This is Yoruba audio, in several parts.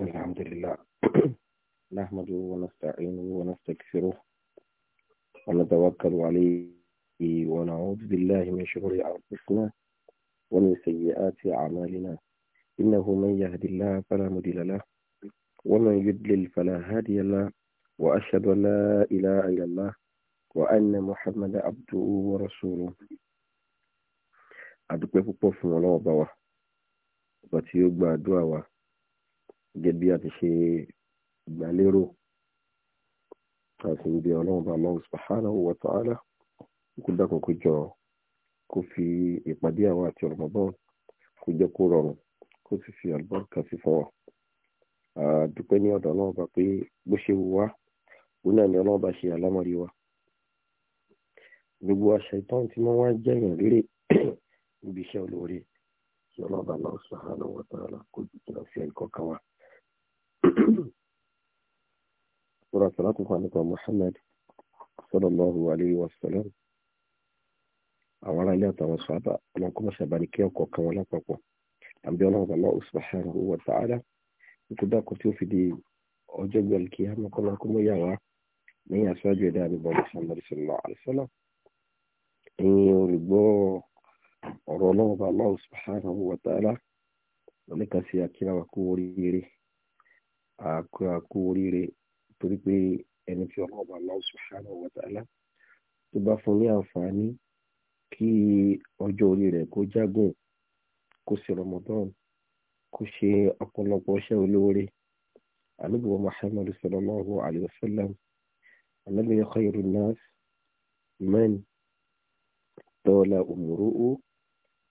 الحمد لله نحمده ونستعينه ونستكفره ونتوكل عليه ونعوذ بالله من شرور أنفسنا ومن سيئات أعمالنا إنه من يهد الله فلا مضل له ومن يضلل فلا هادي له وأشهد أن لا إله إلا الله وأن محمدا عبده ورسوله أدوكم فوق فمولوبا ọba tí ó gẹ́gẹ́ bí a ti ṣe ìgbàlérò àti ibi ọlọ́run bá lọ́wọ́ subhanahu wa ta'ala kó dákun kó jọ kó fi ìpàdé àwọn àti Ramadan kó jẹ́ kó rọrùn kó sì fi àlùbáríkà sí fún wa. àdúpẹ́ ní ọ̀dọ̀ ọlọ́run bá pé bó ṣe wù wá òun náà ni ọlọ́run bá ṣe àlámọ̀rí wa. gbogbo àṣà ìtàn tí wọ́n wá jẹ́yàn rere níbi iṣẹ́ olóore kí ọlọ́run bá lọ́wọ́ subhanahu wa ta'ala kó jù sọ̀rọ̀ àtàlákùn kan nípa Muhammad sallallahu alayhi wa sallam àwọn aráàlú àtàwọn sọ̀rọ̀ ọlọ́kọ́mọṣẹ́ àbáríkẹ́ ọkọ̀ kan wọn lápapọ̀ àbí ọlọ́run Allah subhanahu wa ta'ala nítorí àkọ́ tí ó fi di ọjọ́ gbọ́n kí á mọ́kànlá kó mọ́ yà wá ní aṣáájú ẹ̀dá àbíbọn Muhammad sallallahu alayhi wa àkú àkú oríire torí pé ẹni tí ọlọ́ọ̀bà Allah subhanahu wa ta'ala tó bá fún ní àǹfààní kí ọjọ́ orí rẹ̀ kó jágùn kó sì Ramadan kó ṣe ọ̀pọ̀lọpọ̀ iṣẹ́ olóore àlùbọ̀ Muhammad sallallahu alayhi wa sallam ànábì khairu nas man tọ́lá umruhu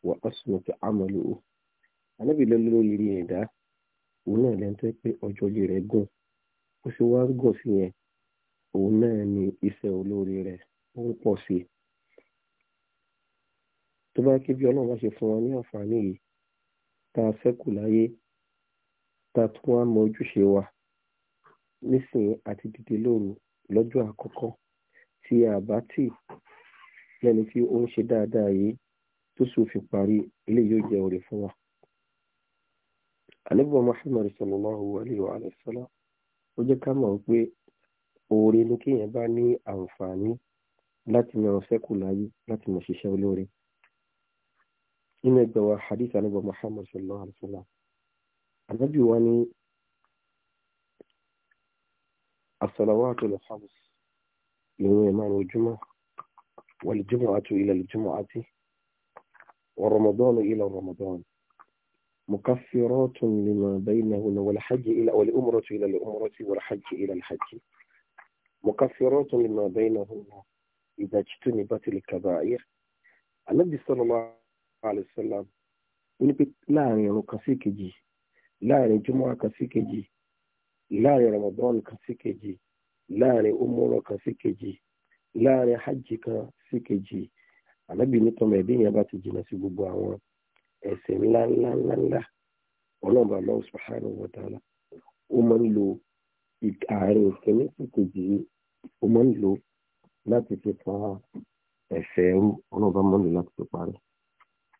wa asnata amaluhu ànábì lọ́lọ́rọ́ yìí ní òun náà lẹ́nu tó yẹ pé ọjọ́ orí rẹ̀ gùn ó sì wá gùn sí yẹn òun náà ni iṣẹ́ olóore rẹ̀ ó ń pọ̀ sí i tó bá ké bí ọlọ́run bá ṣe fún wa ní àǹfààní yìí tá a fẹ́ kù láyé tá a tún wá mọ ojúṣe wa nísìnyí àti dìde lóru lọ́jọ́ àkọ́kọ́ tí a bá tì lẹ́ni tí ó ń ṣe dáadáa yìí tó sì fi parí ilé yóò jẹ́ òrè fún wa àníbọ̀ Muhammad sallallahu alayhi wa sallam ó jẹ́ ká mọ̀ pé oore ni kéèyàn bá ní àǹfààní láti mọ sẹ́kù láyé láti mọ ṣiṣẹ́ olóore nínú ẹgbẹ́ wa hadith àníbọ̀ Muhammad sallallahu alayhi wa sallam ànábì wa ní as-salawatul khams ìrun ẹ̀ márùn ojúmọ́ wal jumu'atu ila al-jumu'ati wa Ramadan ila Ramadan. مكفرات لما بينهن والحج إلى والأمرة إلى الأمرة والحج إلى الحج مكفرات لما بينهن إذا اجتنبت الكبائر النبي صلى الله عليه وسلم ونبي لا يعني كسيكجي لا يعني جمعة كسيكجي لا يعني رمضان كسيكجي لا يعني أمورة كسيكجي لا يعني حج كسيكجي النبي نتمي بين يباتي جنسي ببوعوان ese ńlá ńlá ńlá ńlá ọlọ́run ó máa ń lo ààrẹ òfin méjì kejì yìí ó máa ń lo láti fi pa ẹ̀ṣẹ̀ ẹrú ọlọ́run máa ń lo láti fi parẹ́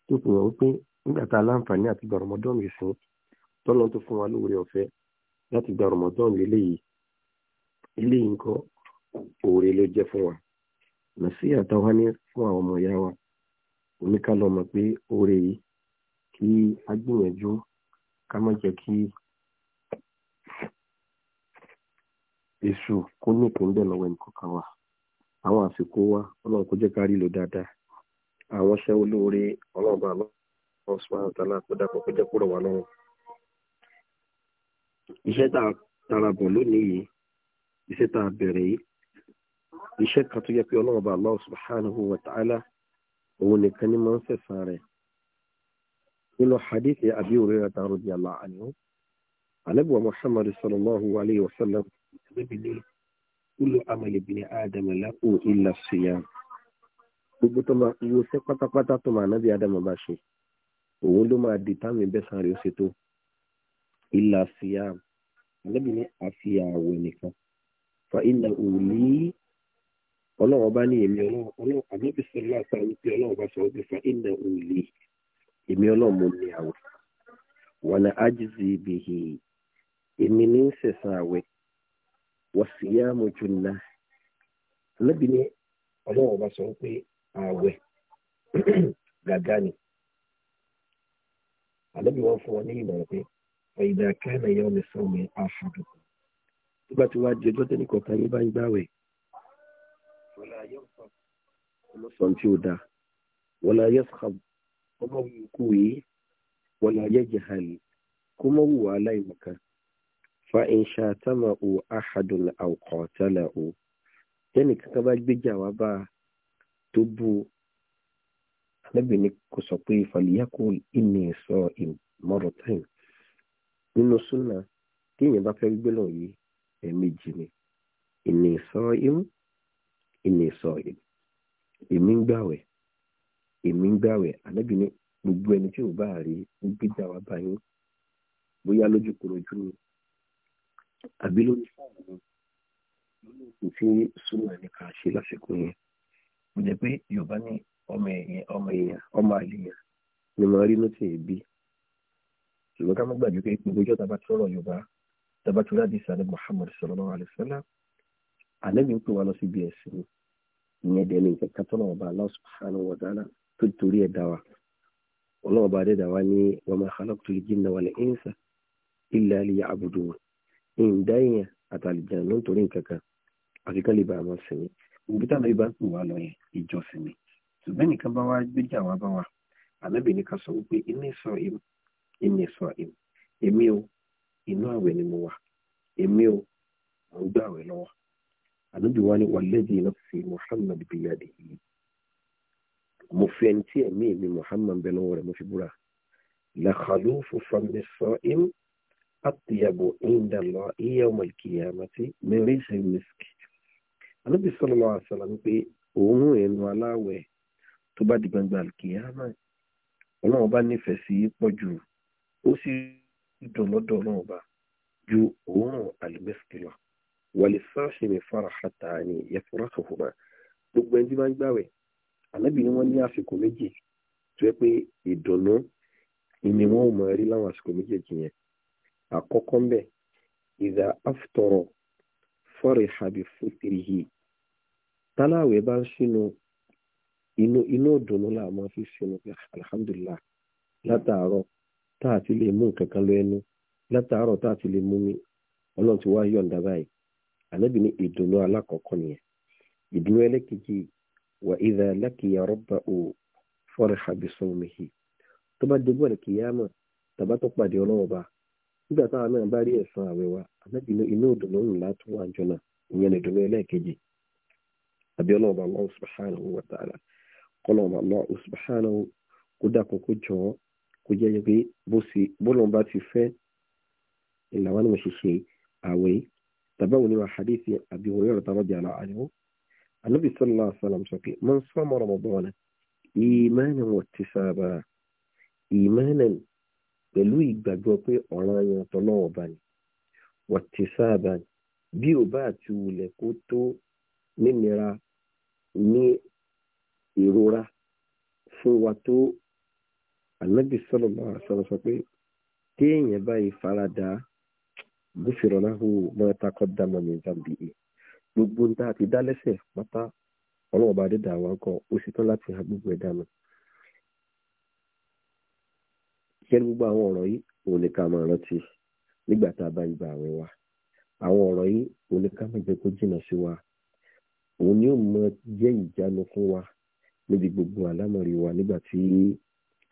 tó fi hàn wípé nígbà tá a láǹfààní àti gba Ramadan mi sùn tọ́lọ́ tó fún wa lóore ọ̀fẹ́ láti gba Ramadan lélẹ́yìí eléyìí nǹkan òòrè ló jẹ́ fún wa nàṣíyà táwa fún àwọn ọmọ ìyá wa oníkálọ́ kí a gbìyànjú ká má jẹ́ kí èṣù kó nìkan bẹ́ẹ̀ lọ́wọ́ ẹnìkọ̀ọ̀kan wa àwọn àsìkò wa ọlọ́run kó jẹ́ ká rí lò dáadáa àwọn iṣẹ́ olóore ọlọ́run bá lọ́wọ́ sùpàá ọ̀tàlá kó dàpọ̀ kó jẹ́ kúrò wá lọ́rùn. iṣẹ́ tá a tara bọ̀ lónìí yìí iṣẹ́ tá a bẹ̀rẹ̀ yìí iṣẹ́ kan tó yẹ pé ọlọ́run bá lọ́wọ́ subhanahu wa ta'ala òun nìkan ni máa ń fẹ̀sán rẹ̀ nínú hadith Abi Hurairah radiyallahu anhu alẹ́bùwà Muhammad sallallahu alayhi wa sallam ẹlẹ́bìnrin kúlù amali bini adam lahu illa siyam gbogbo tó máa wo sẹ́ pátápátá tó máa nábì adam bá ṣe òun ló máa di táwọn ìbẹ́sàn rẹ̀ ó ṣe tó illa siyam alẹ́bìnrin àfi ààwẹ̀ nìkan fa inna òní ọlọ́wọ́ bá ní èmi ọlọ́wọ́ àmọ́bí sọ̀rọ̀ láti àwọn ìpè ọlọ́wọ́ bá sọ̀rọ̀ èmi ọlọ́run mo ní àwẹ̀ wàlẹ̀ ájísì ibìhì èmi ní ń sẹ̀sán àwẹ̀ wọ́n sì yá mojú ńlá anábì ní ọlọ́run ọba sọ pé àwẹ̀ gàgá ni anábì wọn fún wọn ní ìmọ̀ràn pé ọ̀yìnbá kẹ́hìnà yẹn ọmọ ìsọ̀rọ̀ mi àfọ̀dù nígbà tí wàá di ọjọ́ tẹ́lẹ̀ kọ̀ọ̀kan yín bá ń gbàwẹ̀ wọ́n lọ sọ̀rọ̀ tí ó dáa wọ́n lọ yẹ sọ̀rọ̀ ọlọ́run ikú yìí wọn là yẹ jihani kó mọ́ wù wá aláìmọ̀kan fa ìṣà támà o ahadun àwòkọ́ tẹ́lẹ̀ o tẹ́nì kankan bá gbéjà wá bá a tó bú o alábìnrin kò sọ pé fàlìyàkó ìní sọ ìmọ̀rọ̀ táyìn nínú súnà téèyàn bá fẹ́ gbé lọ́wọ́ yìí ẹ̀ẹ̀mejì ni ìní sọ ìmú ìní sọ ìmú èmi ń gbàwẹ̀ èmi ń gbàwẹ̀ ànábì ní gbogbo ẹni tí ò bá rí gbígbà wá bá yín bóyá lójú korojú ni àbí lórí fóònù ni lórí òkú tí súnmọ́ ẹni kà ṣe lásìkò yẹn mo jẹ pé yorùbá ní ọmọ èèyàn ọmọ èèyàn ọmọ àlèyàn ni mo rí lóṣè bí ṣùgbọ́n ká má gbàgbé pé gbogbo ìjọ tàbá tó rọ̀ yorùbá tàbá tó láti sàlẹ̀ muhammad sallallahu alaihi wasallam àlẹ́bí ń pè wá lọ síbi ẹ̀sìn ìyẹn dẹ̀ ní tó náà ọba aláwọ̀ subhanahu wa ta'ala tó torí ẹ̀ dá wa ọlọ́run bá dẹ́dà wa ní wa ma khalaqtu al-jinna wal-insa illa liya'budun ìdáyìn àtàlìjàn ló ń torí nǹkan kan àti kán lè bá àwọn sinmi ibi táwọn ibà ń pè wá lọ yẹn ìjọsìn ni ṣùgbọ́n nìkan bá wá gbéjà wá bá wa ànábì ní sọ wípé inni sa'im inni sa'im èmi o inú àwẹ̀ ni mo wà èmi o mo ń àwẹ̀ lọ́wọ́ ànábì wa ni walladhi nafsi mo fi ẹni tí ẹ̀mí mi Muhammad bẹ lọ́wọ́ rẹ̀ mo fi búra làkàlù fúnfàmì sọ im àtìyàbò ìndàlọ iye ọmọ ìkìyàmọtì mẹrin ṣe mẹsìkì anábì sọlọlọ àṣàlà ń pé òórùn ẹnu aláwẹ̀ tó bá di gbangba ìkìyàmọ Ọlọ́run bá nífẹ̀ẹ́ sí pọ̀jù ó sì dùn lọ́dọ̀ Ọlọ́run bá ju òórùn àlùmẹsìkì lọ wàlẹ sáà ṣe mi fara hàtà ni yẹ fúra kàfùmá gbogbo ẹni tí máa gbàwẹ̀ ànábì ni wọ́n ní àsìkò méjì tó yẹ pé ìdùnnú ni wọ́n ò máa rí láwọn àsìkò méjèèjì yẹn àkọ́kọ́ ń bẹ̀ ìdá aftọrọ fọ́rẹ̀ habi fútiri yìí táláwẹ̀ bá ń sínú inú inú ìdùnnú là máa fi sínú pé alhamdulillah látàárọ̀ tá a ti lè mú nǹkan kan lọ ẹnu látàárọ̀ tá a ti lè mú mi ọlọ́run ti wá yọ̀ǹda báyìí ànábì ní ìdùnnú alákọ̀ọ́kọ́ nìyẹn ìdùnnú ẹlẹ́kejì yìí وإذا لقي ربه فرح بصومه tó bá dogbó ẹ̀ kìyàmọ̀ tàbá tó pàdé ọlọ́wọ́ bá nígbà táwa náà bá rí ẹ̀san àwẹ̀ wa ànábì inú ìdùnnú ńlá tó wà jọ náà ìyẹn ìdùnnú ẹlẹ́ẹ̀kejì àbí ọlọ́wọ́ bá Allah subhanahu wa ta'ala kọ́lọ́wọ́ bá Allah subhanahu kó dákun kó jọ ọ́ kó jẹ́ pé bọ́lọ́n bá ti fẹ́ ìlànà wọn ṣe ṣe àwẹ̀ tàbá wọn ni wà hadith àbí wọn yọ̀rọ̀ tàbá jẹ́ àlọ́ àyẹ̀wò النبي صلى الله عليه وسلم شكي من صام رمضان إيمانا واكتسابا إيمانا pẹ̀lú ìgbàgbọ́ pé ọ̀ràn yẹn tọ́lọ́wọ́ bá ní wàtísáàbà bí ò bá àti wulẹ̀ kó tó nínira ní ìrora fún wa tó ànábì sọlọ́mọ àṣọ sọ pé téèyàn báyìí farada gúfèrè náà hù mọ́ takọ́ dámọ̀ ní zambia gbogbo ń dá àti dá lẹ́sẹ̀ pátá ọlọ́run ọba adédà wa kọ ó ṣetán láti ha gbogbo ẹ̀ dànù. ṣẹ́ni gbogbo àwọn ọ̀rọ̀ yìí òun ni ká máa rántí nígbà tá a bá ń gba àwẹ̀ wa àwọn ọ̀rọ̀ yìí òun ni ká máa jẹ́ kó jìnnà sí wa òun ni ó mọ jẹ́ ìjánu fún wa níbi gbogbo àlámọ̀rí wa nígbà tí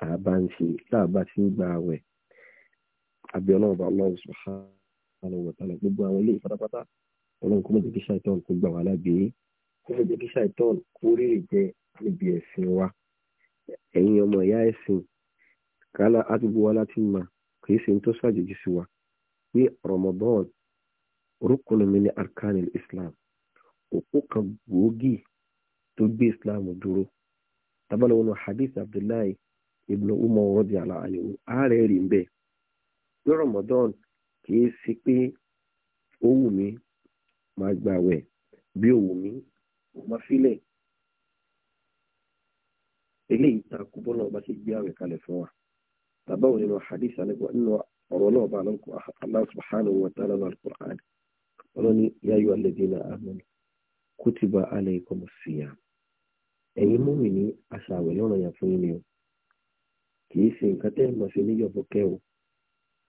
a bá ń ṣe tá a bá ti ń gba àwẹ̀ àbí ọlọ́run ọlọ́run subhanahu wa ta'ala gbogbo àwọn ilé ìfọ́tàpátá ọlọ́run kó má jẹ́ kí ṣàìtọ́n kó gbà wá lágbèé kó má jẹ́ kí ṣàìtọ́n kó rírì jẹ níbi ẹ̀sìn wa ẹ̀yin ọmọ ìyá ẹ̀sìn kálá àdúgbò wa láti mà kì í ṣe ń tó ṣàjèjì sí wa pé Ramadan orúkún mi ní arkanil Islam òpó kan gbòógì tó gbé Islam dúró tábàlẹ̀ wọn hadith Abdullahi ibn Umar rọ́dí aláàlẹ́ ààrẹ rí bẹ́ẹ̀ ní Ramadan kì ṣe pé ó wù mí máa gbà wẹ̀ bí òwò mi máa filẹ̀ eléyìí ta kú bọ́lá ọba ṣe gbé àwẹ̀ kalẹ̀ fún wa bàbá òní lọ hadith alẹ́gbọ́n nínú ọ̀rọ̀ náà bá lọ́kọ̀ Allah subhanahu wa ta'ala náà al-Qur'an ọlọ́ni ya ayyuha alladhina amanu kutiba alaykumus siyam ẹ̀yin mọ́mì ní aṣàwẹ̀ lọ́rọ̀ yà fún yín o kì í ṣe nǹkan tẹ́ ẹ̀ máa ṣe ní yọ̀bọ̀kẹ́ o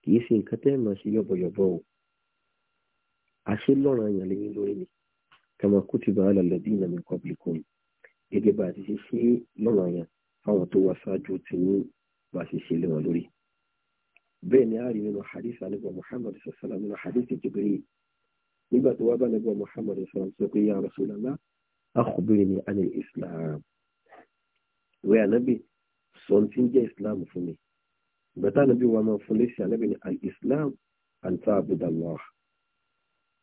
kì í ṣe nǹkan tẹ́ ẹ̀ máa ṣe yọ̀bọ̀yọ̀bọ̀ o àṣẹ lọ́rọ̀ àyàn lẹ́yìn lórí mi kama kutiba ala alladhina min qablikum gẹ́gẹ́ bá a ti ṣe ṣe lọ́rọ̀ àyàn fáwọn tó wá ṣáájú ti ní bá a ṣe ṣe lé wọn lórí. bẹ́ẹ̀ ni a rí nínú hadith anigba muhammad sasala nínú hadith jibril nígbà tó wá bá anigba muhammad sasala pé ya rasulallah akhbirni anil islam wẹ́ ànábì sọ̀ntín jẹ́ islam fún mi bàtà ànábì wa máa fún lẹ́sìn ànábì ni al islam an ta'budallaha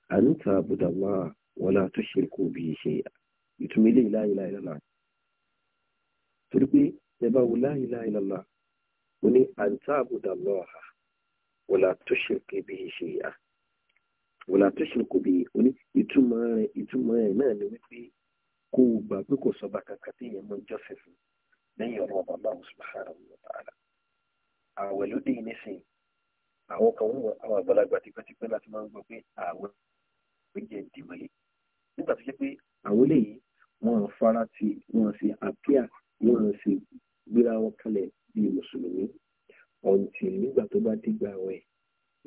an ta'budu Allah wa la tushriku bihi shay'a ìtumọ̀ ilé la ilaha illallah torí pé ẹ bá wo la ilaha illallah ó ní an ta'budu Allah wa la tushriku bihi shay'a wa la tushriku bihi ó ní ìtumọ̀ rẹ̀ ìtumọ̀ rẹ̀ náà ni wípé kó o gbà pé kò sọba kankan tí èèyàn máa ń jọ́sìn fún lẹ́yìn ọ̀rọ̀ ọba Allah subhanahu wa ta'ala àwẹ̀ ló dé nísìnyí àwọn kan wọn àwọn àgbàlagbà tipẹ́tipẹ́ láti máa ń gbọ́ pé àwẹ̀ méjì ẹ̀dì mọ́lẹ̀ nígbà tó jẹ́ pé àwọn eléyìí wọ́n fara ti wọ́n ṣe àpíà wọ́n ṣe gbéra wọn kalẹ̀ bíi mùsùlùmí ọ̀ǹtì nígbà tó bá dìgbà wẹ̀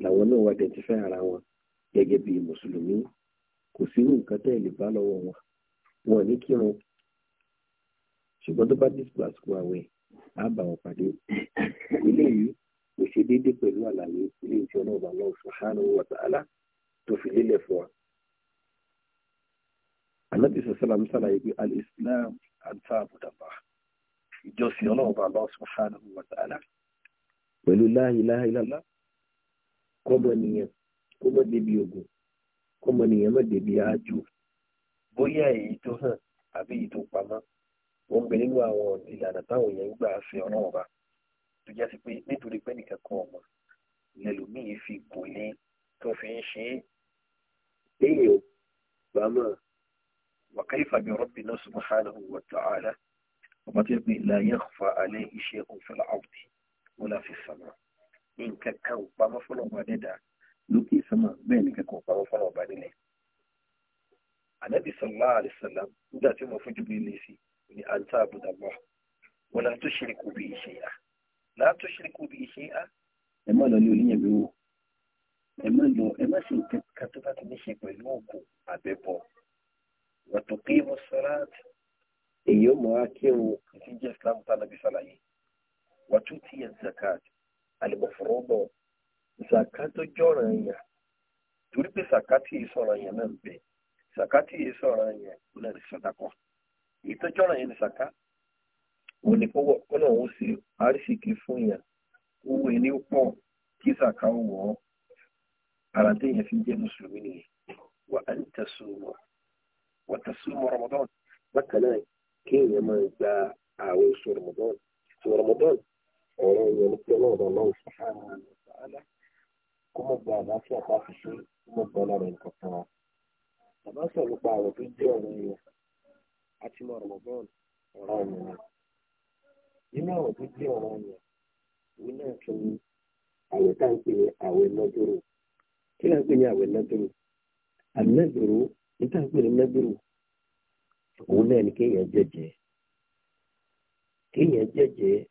làwọn náà wá dẹ̀tífẹ́ ara wọn gẹ́gẹ́ bíi mùsùlùmí kò sí irú nǹkan tẹ́ ẹ̀ lè bá lọ́wọ́ wọn wọn ní kí wọn ṣùgbọ́n tó bá dìgbà àsìkò àwẹ̀ á bá wọn pàdé eléyìí kò ṣe déédéé pẹ̀lú àlàyé ilé ìṣẹ́ ọlọ́ọ̀bà lọ́wọ́ subhanahu wa ta'ala tó fi lélẹ̀ fún wa ànábì sọ̀sọ́lá ń sàlàyé pé al-islam àǹtà àbùdàbà ìjọsìn ọlọ́run bá Allah subhanahu wa ta'ala pẹ̀lú la ilaha illallah kọ́mọ nìyẹn kọ́mọ débi ogun kọ́mọ nìyẹn má débi àjò bóyá èyí tó hàn àbí èyí tó pamọ́ wọ́n gbé nínú àwọn ìlànà táwọn èèyàn ń gbà ṣe ọlọ́run tó jẹ́ pé nítorí pé nìkan kan ọmọ lẹ́lòmíì fi gòlé tó fi ń ṣe é èèyàn bá وكيف بربنا سبحانه وتعالى وما تبني لا يخفى عليه شيء في الأرض ولا في السماء إن كان بما فلو ما ندى لكي سما بين كان بما فلو ما ندى النبي صلى الله عليه وسلم ندى تيمو فجب ليسي أن تعبد الله ولا تشركوا به شيئا لا تشركوا به شيئا ẹmọ lọ ní oníyàn bí wò ẹmọ lọ ẹmọ sì ń kẹtọ وتقيم الصلاة يوم واكيو نتيجة إسلام النبي صلى الله عليه وتؤتي الزكاة المفروضة زكاة جورانيا تريد زكاة إسرائيل من بي زكاة إسرائيل من الصدقة ìtọ́jọ́ràn yẹn ni sàká òun ni kó náà ó ṣe àrísìkí fún yẹn owó ẹni pọ̀ kí sàká ó wọ̀ ọ́ ara téèyàn fi jẹ́ mùsùlùmí nìyẹn wà á ń tẹ̀sùn wọn وتصويم رمضان بكنا كين يما جاء عويس رمضان في رمضان ورغم يمتلون الله سبحانه وتعالى كما جاء ناسيا خافشي كما جاء لارين كفار bàbá sọ̀rọ̀ pa àwọn tó jẹ́ ọ̀rọ̀ yẹn àti mọ rọ̀mọ̀bọ́ọ̀n ọ̀rọ̀ yẹn ni nínú àwọn tó jẹ́ ọ̀rọ̀ yẹn òun náà tún ní àwẹ̀ tá à ń pè ní àwẹ̀ lọ́dọ̀rọ̀ kí là ń pè ní àwẹ̀ lọ́dọ̀rọ̀ àlẹ́dọ̀rọ̀ níta ń pè ní mẹ́bìrù òun náà ni kéèyàn jẹ́jẹ́ kéèyàn jẹ́jẹ́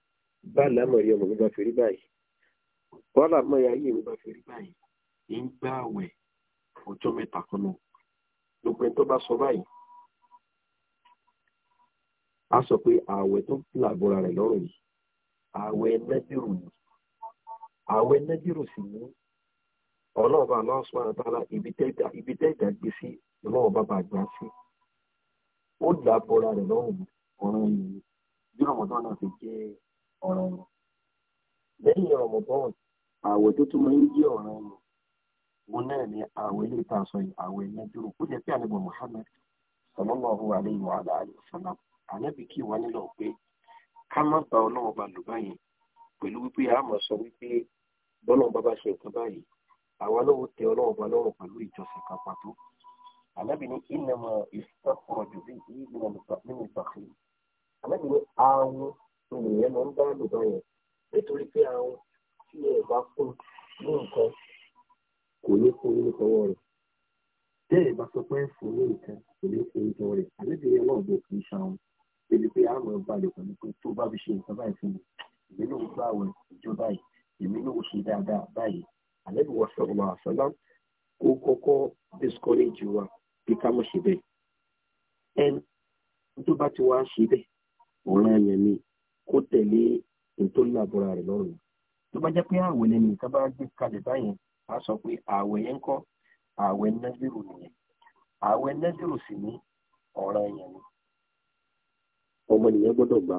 bá lámọ̀rí ọmọ mi bá fi rí báyìí bọ́lá mọ́ ya yìí mi bá fi rí báyìí ń gbá àwẹ̀ ọjọ́ mẹ́ta kan náà gbogbo ẹni tó bá sọ báyìí a sọ pé ààwẹ̀ tó làbọ̀ra rẹ̀ lọ́rùn yìí ààwẹ̀ nẹ́bìrù ni ààwẹ̀ nẹ́bìrù sì ní ọlọ́ọ̀bá náà sọ àtàlà ibi tẹ́ẹ̀dá gbé sí ọlọ́ọ̀bá bá gbà sí ó dà bọ́ra rẹ̀ lọ́rùn ọ̀ràn yìí bí ọmọdún náà fi jẹ́ ọ̀ràn yìí lẹ́yìn ọmọdún àwẹ̀ tó tún máa ń jẹ́ ọ̀ràn yìí wọn náà ni àwẹ̀ ilé ìta sọ yìí àwẹ̀ ilé dúró ó jẹ́ pé àlebo Muhammad sallallahu alayhi wa alayhi wa sallam ànábì kí wà nílò pé ká má ba ọlọ́wọ́ ba lò báyìí pẹ̀lú wípé a máa sọ wípé bọ́lọ̀ bá bá ṣe nǹkan báyìí àwọn ló tẹ ọlọ́run ọba lọ́rùn pẹ̀lú ìjọsìn kan pàtó ànábì ní ìnàmọ̀ ìfọkànjù bí yìí nínú ìgbàfẹ́ ànábì ní àwọn ènìyàn máa ń bá lò báyẹn nítorí pé àwọn tí ẹ bá fún ní nǹkan kò ní fún ní tọwọ́ rẹ̀ tẹ́ ẹ bá sọ pé fún ní nǹkan kò ní fún ní tọwọ́ rẹ̀ ànábì ní ọlọ́run bó kì í ṣàwọn débi pé àmọ́ ẹ lè pẹ̀lú pé tó bá fi ṣe nǹkan báyìí fún mi èmi gbà wẹ̀ sallallahu alaihi wasallam kó kọ́kọ́ discourage wa bí ká mọ̀ ṣe bẹ́ẹ̀ ẹni tó bá ti wá ṣe bẹ́ẹ̀ ọ̀ràn ẹ̀yàn ni kó tẹ̀lé nítorí àbúrà rẹ̀ lọ́rùn tó bá jẹ́ pé àwẹ̀ lẹ́nu nǹkan bá gbé kalẹ̀ báyẹn a sọ pé àwẹ̀ yẹn ń kọ́ àwẹ̀ nẹ́dìrò nìyẹn àwẹ̀ nẹ́dìrò sì ní ọ̀ràn ẹ̀yàn ni ọmọ nìyẹn gbọ́dọ̀ gbà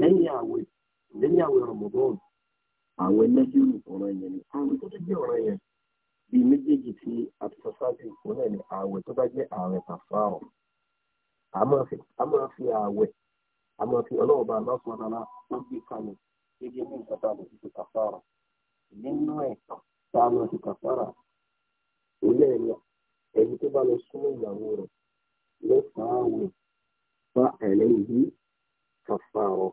lẹ́yìn àwẹ̀ lẹ́yìn àwẹ̀ rọ̀mọ̀dọ́ọ̀nù àwọn ẹlẹ́jìrì ọ̀rọ̀ yẹn ni ààwẹ̀ tó tó jẹ́ ọ̀rọ̀ yẹn bíi méjèèjì tí a ti sọ ṣáájú òun náà ni ààwẹ̀ tó bá jẹ́ ààwẹ̀ kàfáàrọ̀ a máa fi ààwẹ̀ a máa fi ọlọ́run bá aláṣọ ọ̀dàlá ó gbé kalẹ̀ gẹ́gẹ́ bí nǹkan tá a lè fi ṣe kàfáàrọ̀ nínú ẹ̀ tá a máa fi kàfáàrà òun ẹ̀ ni ẹni tó bá lọ súnmọ́ ìyàwó rẹ̀ lọ́sàáwẹ̀ bá ẹ̀lẹ́yìn yìí kàfáàrọ̀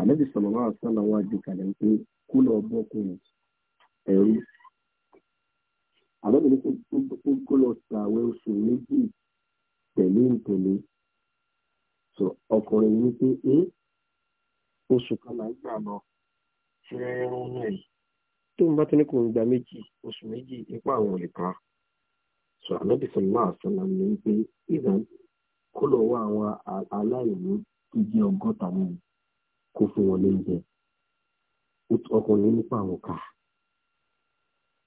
ànábì sọ̀rọ̀ wá sọ́nà wá ju kalẹ̀ pé kó lọ bọ́kùnrin ẹ̀rú ànábì ní kó lọ sàwẹ̀ oṣù méjì tẹ̀lé ntẹ̀lé sọ ọkùnrin ní pé ẹ oṣù kan là ń gbà lọ ṣe irun náà yìí tó ń bá tó ní kò ń gba méjì oṣù méjì ipá àwọn ò sọ ànábì sọ̀rọ̀ wá ní pé ìdá kó lọ wá àwọn aláìní tó jẹ́ ọgọ́ta nínú kó fún wọn lóúnjẹ ọkùnrin nípa àwọn kà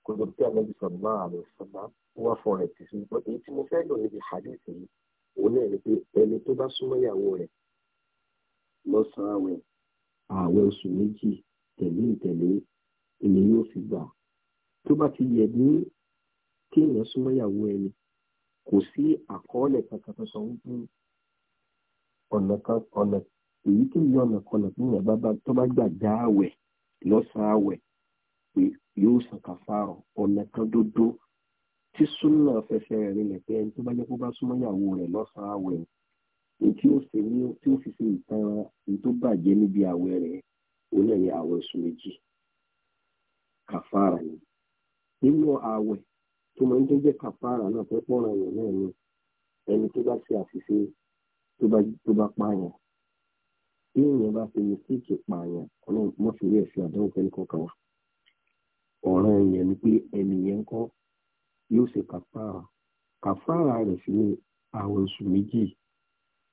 kò lọ bí alẹ́ bisọ̀ máa àlọ́ sábà wá fọ rẹ̀ tì sí i bọ́dé tí mo fẹ́ lò níbi hadith yìí òun náà ni pé ẹni tó bá súnmọ́ ìyàwó rẹ̀ lọ́sàn-án àwẹ̀ oṣù méjì tẹ̀lé ìtẹ̀lé èmi yóò fi gbà tó bá ti yẹ ní kí èèyàn súnmọ́ ìyàwó ẹni kò sí àkọọ́lẹ̀ kankan tó sọ wípé ọ̀nà èyí tó yọ ọ̀nà kan náà fún ìyàbá bá tó bá gbàgbá àwẹ̀ lọ́sàn-án àwẹ̀ pé yóò san kàfàrà ọ̀nà kan dódó tí súnà fẹsẹ̀ rẹ̀ nílẹ̀ pé ẹni tó bá jẹ́ kó bá súnmọ́ ìyàwó rẹ̀ lọ́sàn-án àwẹ̀ ní tí ó ṣe ní tí ó fi ṣe ìtara ní tó bàjẹ́ níbi àwẹ̀ rẹ̀ òun náà ní àwẹ̀ oṣù méjì kàfàrà ni nínú àwẹ̀ tó máa ń tó jẹ́ kàfàrà náà fẹ́ pọ́nra yẹn náà ni ẹni tó bá ṣe àṣìṣe tó bá pààyàn bí èèyàn bá fi mistake pààyàn ọlọ́run mọ́ fi rí ẹ̀sìn àdéhùn fẹ́ni kankan wa ọ̀ràn èèyàn ni pé ẹnì yẹn kọ́ yóò ṣe kàfàrà kàfàrà rẹ̀ sì ni àwọn oṣù méjì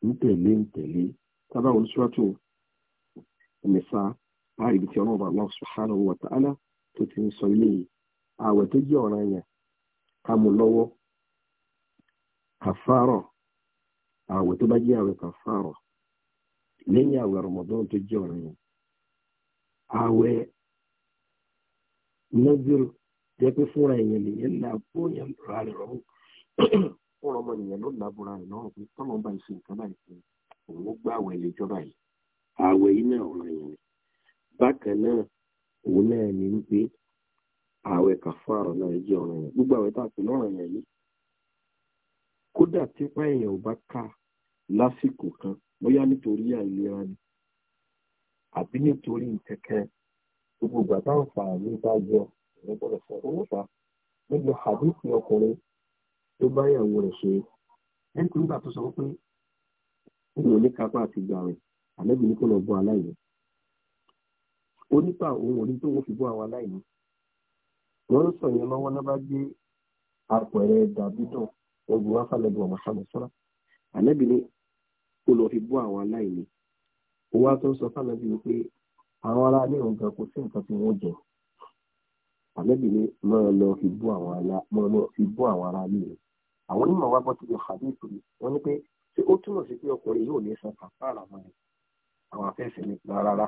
ń tẹ̀lé ń tẹ̀lé tábà wọn ṣúwàtò ẹ̀mẹ̀fà láì ibi tí ọlọ́run Allah subhanahu wa ta'ala tó ti ń sọ ilé yìí ààwẹ̀ tó jẹ́ ọ̀ràn yẹn ká mú lọ́wọ́ kàfàrà ààwẹ̀ tó bá jẹ́ ààwẹ̀ kàfàrà lẹ́yìn àwẹ̀ Ramadan tó jẹ́ ọ̀ràn yẹn àwẹ̀ nọ́bìrì jẹ́ pé fúnra ẹ̀yẹn lèyẹn là bó yẹn ra rẹ̀ rọ́ọ̀ fúnra ọmọ nìyẹn ló làbúra rẹ̀ lọ́rùn pé tọ́lọ́ bá ṣe nǹkan báyìí fún òun ó gbá àwẹ̀ ilé ìjọba yìí àwẹ̀ yìí náà ọ̀ràn yẹn ni bákan náà òun náà ní wípé àwẹ̀ kàfàrà náà jẹ́ ọ̀ràn yẹn gbogbo àwẹ̀ tá a pè lọ́ràn yẹn yìí kódà tí páyẹn ò bá kà lásìkò kan bóyá nítorí àìlera ni àbí nítorí kẹ̀kẹ́ gbogbo ìgbà tá àǹfààní bá yọ ẹ̀rọ gbọ́dọ̀ fọ owó pa níbi àdéhùn ọkùnrin tó bá ìyàwó rẹ̀ ṣe nítorí ìgbà tó sọ pé mi ò ní kápá àti ìgbà rẹ̀ àlẹ́bí ní kó lọ bọ́ aláìní ó nípa òun òní tó wọ́n fi bọ́ àwọn aláìní wọ́n ń sọ yẹn lọ́wọ́ náà bá gbé apẹ̀rẹ̀ dàbídàn ogun wáfàlẹ́bù ọ̀mọ̀ṣàmọ̀ṣọ́lá àlẹ́bí ní kó lọ fi bú àwọn aláìní ó wá tó ń sọ fáànàbí wípé àwọn ará ní òun gan kò sí nǹkan tí wọ́n jẹ àlẹ́bí ni mọ́ ẹ lọ fi bú àwọn ará mọ́ ẹ lọ fi bú àwọn ará ní rẹ̀ àwọn onímọ̀ wá gbọ́ ti lọ fàdí ìtòlù wọ́n ní pé ṣé ó túmọ̀ sí pé ọkùnrin yóò ní san kàfàrà mọ́ ẹ àwọn afẹ́fẹ́ ní rárá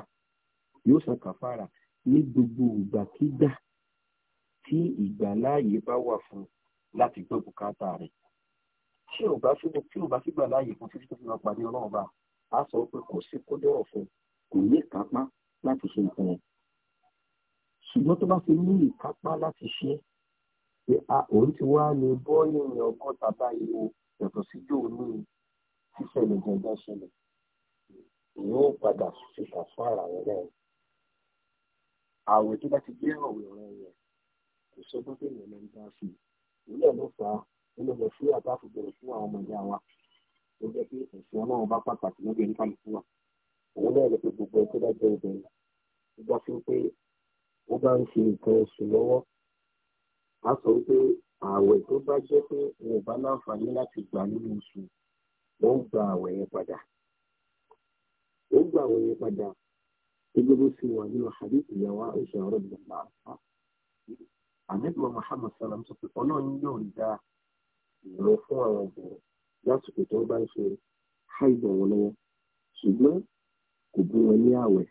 yóò san kàfàrà ní gbogbo ìgbàkígbà tí ìgbàláàyè bá wà fún láti gbọ́ bùkátà rẹ̀ tí ò bá síbò tí ò bá sígbà láàyè fún títí tó fi máa pàdé ọlọ́run bá a sọ pé kò sí kó dọ̀rọ̀ fún kò ní ìkápá láti ṣe nǹkan yẹn ṣùgbọ́n tó bá fi ní ìkápá láti ṣe pé a òun ti wá ní bọ́ọ̀lù ní ọgọ́ta báyìí o yàtọ̀ sí jòó ní sísẹ̀lẹ̀ gbọ̀ngàn ṣẹlẹ̀ yóò padà ṣèkà fún ara rẹ̀ náà àwẹ̀ tó bá ti gbé ọ̀wẹ̀ rẹ̀ yẹn kò sọ pé kéèyàn máa ń dá nínú ọ̀rọ̀ sí àtàkù bẹ̀rẹ̀ fún àwọn ọmọ ìyá wa ló jẹ́ pé ẹ̀sìn ọlọ́run bá pàtàkì lórí oníkàlùkù wa òun náà lè pe gbogbo ẹ̀ tó bá jẹ́ obìnrin tó bá fi pé ó bá ń ṣe nǹkan oṣù lọ́wọ́ a sọ pé ààwẹ̀ tó bá jẹ́ pé wọn ò bá láǹfààní láti gbà nínú oṣù wọ́n ń gba ààwẹ̀ yẹn padà ó gba ààwẹ̀ yẹn padà gẹ́gẹ́ bó ṣe wà nínú hadith ìyàwó Aisha ọ̀rọ̀ ìgbà àmì Muhammad salam sọ pé ọlọ́run yóò dáa lọ fún àwọn obìnrin lásìkò tó bá ń ṣe háìbọ̀ wọn ṣùgbọ́n kò bú wọn ní àwẹ̀.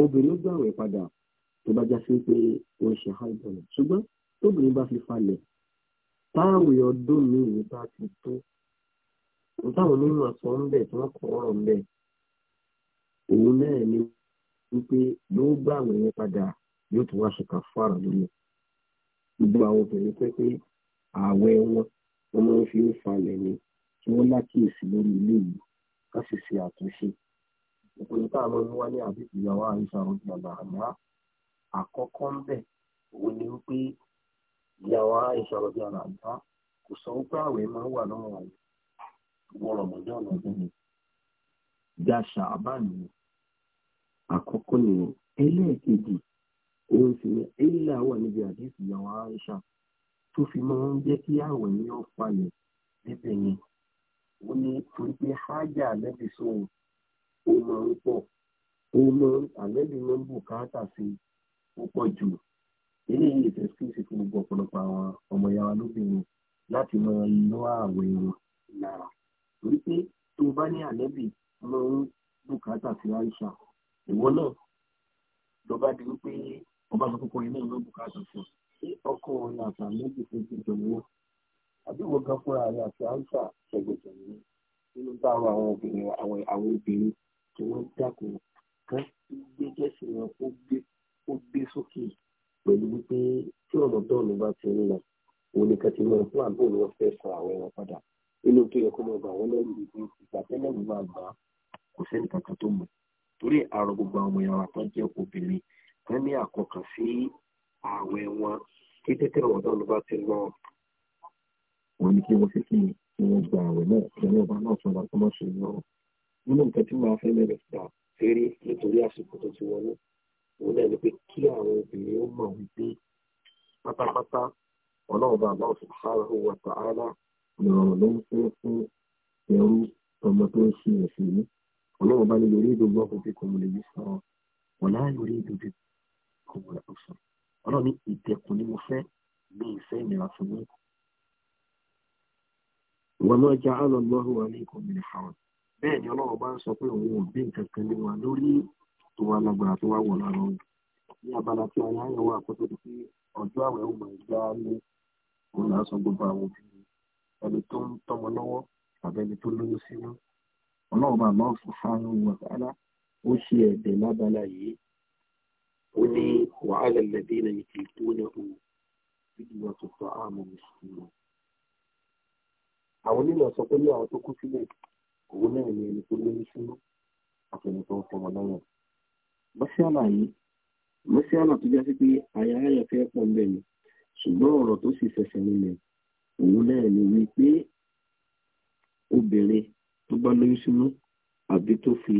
obìnrin gbà àwẹ̀ padà tó bá já sí pé ó ń ṣe náà ṣùgbọ́n tóbìnrin bá fi falẹ̀ ọdún ní bá ti tó táwọn onímọ̀ sọ ń bẹ̀ tí wọ́n kọ́ ọ̀rọ̀ ń bẹ̀ òun náà ni wípé yóò gbà gbogbo àwọn obìnrin pé pé ààwẹ̀ wọn wọn máa fi ń falẹ̀ ni kí wọ́n lákìyèsí lórí ilé yìí ká sì ṣe àtúnṣe. ìpinnu tá a máa ń wá ní àbíkú ìyàwó ń òun ni wípé ìyàwó kò sọ wípé máa ń wà àwọn òun sì ni ilà wà níbi àdéhùn ìyàwó Aisha tó fi máa ń jẹ́ kí àwẹ̀ ní ọ̀palẹ̀ níbẹ̀ yẹn ó ní torí pé hájà àlẹ́bí sóhun ó máa ń pọ̀ ó máa ń àlẹ́bí máa ń bùkátà sí ó pọ̀ jù eléyìí ìfẹ́sìkìsì fún gbogbo ọ̀pọ̀lọpọ̀ àwọn ọmọ ìyá wa lóbìnrin láti máa lọ àwẹ̀ wọn lára torí pé tó bá ní àlẹ́bí máa ń bùkátà sí Aisha ìwọ náà lọ́ba di wípé ọba sọ kókó iná ló bùkátà fún ṣé ọkọ òun àtà méjì tó ti dùn wọ àdúgbò kan fúnra rẹ̀ àti àìsà ṣẹgbẹjọ nínú nínú táwọn àwọn obìnrin àwọn àwọn obìnrin tí wọ́n dákun kan gbé jẹsìn wọn ó gbé ó gbé sókè pẹ̀lú wípé tí ọ̀nà dọ́ọ̀nù bá ti ń lọ òun nìkan ti mọ fún àbúrò ni wọ́n fẹ́ sọ àwọn ẹran padà nínú tó yẹ kó mọ bà wọ́n lẹ́rù wípé ìgbà tẹ́lẹ̀ mi máa gbà kò sẹ́ni kankan tó mọ̀ torí àrò gbogbo àwọn ọmọ yàrá tó jẹ́ obìnrin wọ́n ní àkọkàn sí ààwẹ̀ wọn kí tètè rọ̀mọ́dán ló bá ti lọ. wọ́n ní kí wọ́n sì kí kí wọ́n gba ààwẹ̀ náà kí wọ́n bá náà sọ̀rọ̀ kó má ṣe lọ. nínú nǹkan tí màá fẹ́ mẹ́rin gbà fẹ́rẹ́ nítorí àsìkò tó ti wọlé òun náà ni pé kí àwọn obìnrin ó mọ̀ wípé pátápátá ọlọ́ọ̀bá Allah subhanahu wa ta'ala lọ̀rọ̀ ló ń fẹ́ fún ẹrú ọmọ tó ń ṣe ẹ̀sìn yìí ọlọ́ọ̀bá ni yorí ìdúgbò kò kò mọ̀ lè yí sọ̀rọ̀ wọ́n láàyò rí ìdúgbò alaikum wa rahmatullah ọlọ́run ní ìtẹ̀kùn ni mo fẹ́ mi ìfẹ́ ìnira fún yín. wa ma ja'ala Allahu alaikum min haraj bẹ́ẹ̀ ni ọlọ́run bá ń sọ pé òun ò gbé nǹkan kan ní wa lórí tó wà lágbára tó wà wọ̀ lára òun ní abala tí ọ̀yà yẹn wà kó tó di pé ọjọ́ àwẹ̀ ò máa gbá ní òun là sọ gbogbo àwọn obìnrin ẹni tó ń tọmọ lọ́wọ́ tàbí ẹni tó lóyún sínú ọlọ́run bá lọ́ọ̀ fún fáwọn wọ̀ ó ṣe ẹ̀bẹ̀ lábala yìí ó وعلى الذين lẹ́bí náà ní kíkó náà ó fídíò tuntun àmọ́ mùsùlùmí. àwọn onímọ̀ sọ pé ní àwọn tó kú sílẹ̀ òun náà ní ẹni tó lóyún sínú àti ẹni tó ń fọmọ lọ́wọ́. mọ́ṣálà yìí mọ́ṣálà tó jásí pé àyà àyà fẹ́ pọ̀ ńbẹ̀ ni ṣùgbọ́n ọ̀rọ̀ tó sì fẹsẹ̀ nílẹ̀ òun náà ní wípé obìnrin tó bá lóyún sínú àbí tó fi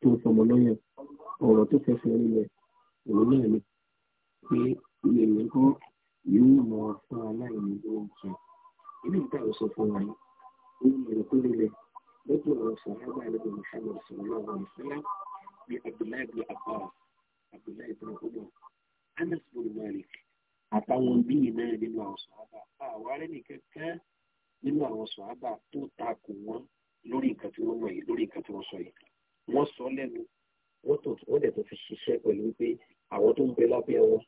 tó ń fọmọ lọ́yàn ọ̀rọ̀ tó fẹsẹ̀ nílẹ̀ òun náà ni pé ilé ẹ̀kọ́ yóò mọ fún aláìní oúnjẹ ilé ìta ìsọ fún wa yìí ó yẹ kó lílẹ̀ lọ́dọ̀ àwọn sàlábà àlejò mùsàlùmí sọ̀rọ̀ àwọn ìfẹ́lá bí abdullahi bin abba abdullahi bin ọgbọ anas bin malik àtàwọn bíi náà nínú àwọn sọ̀rọ̀ àwọn arẹ́nì kẹ́kẹ́ nínú àwọn sọ̀rọ̀ tó takò wọn lórí nǹkan tí wọ́n mọ̀ yìí lórí nǹkan tí wọ́n sọ yìí wọ́n sọ lẹ́nu wọ́n dẹ̀ tó fi ṣiṣẹ́ pẹ̀lú pé field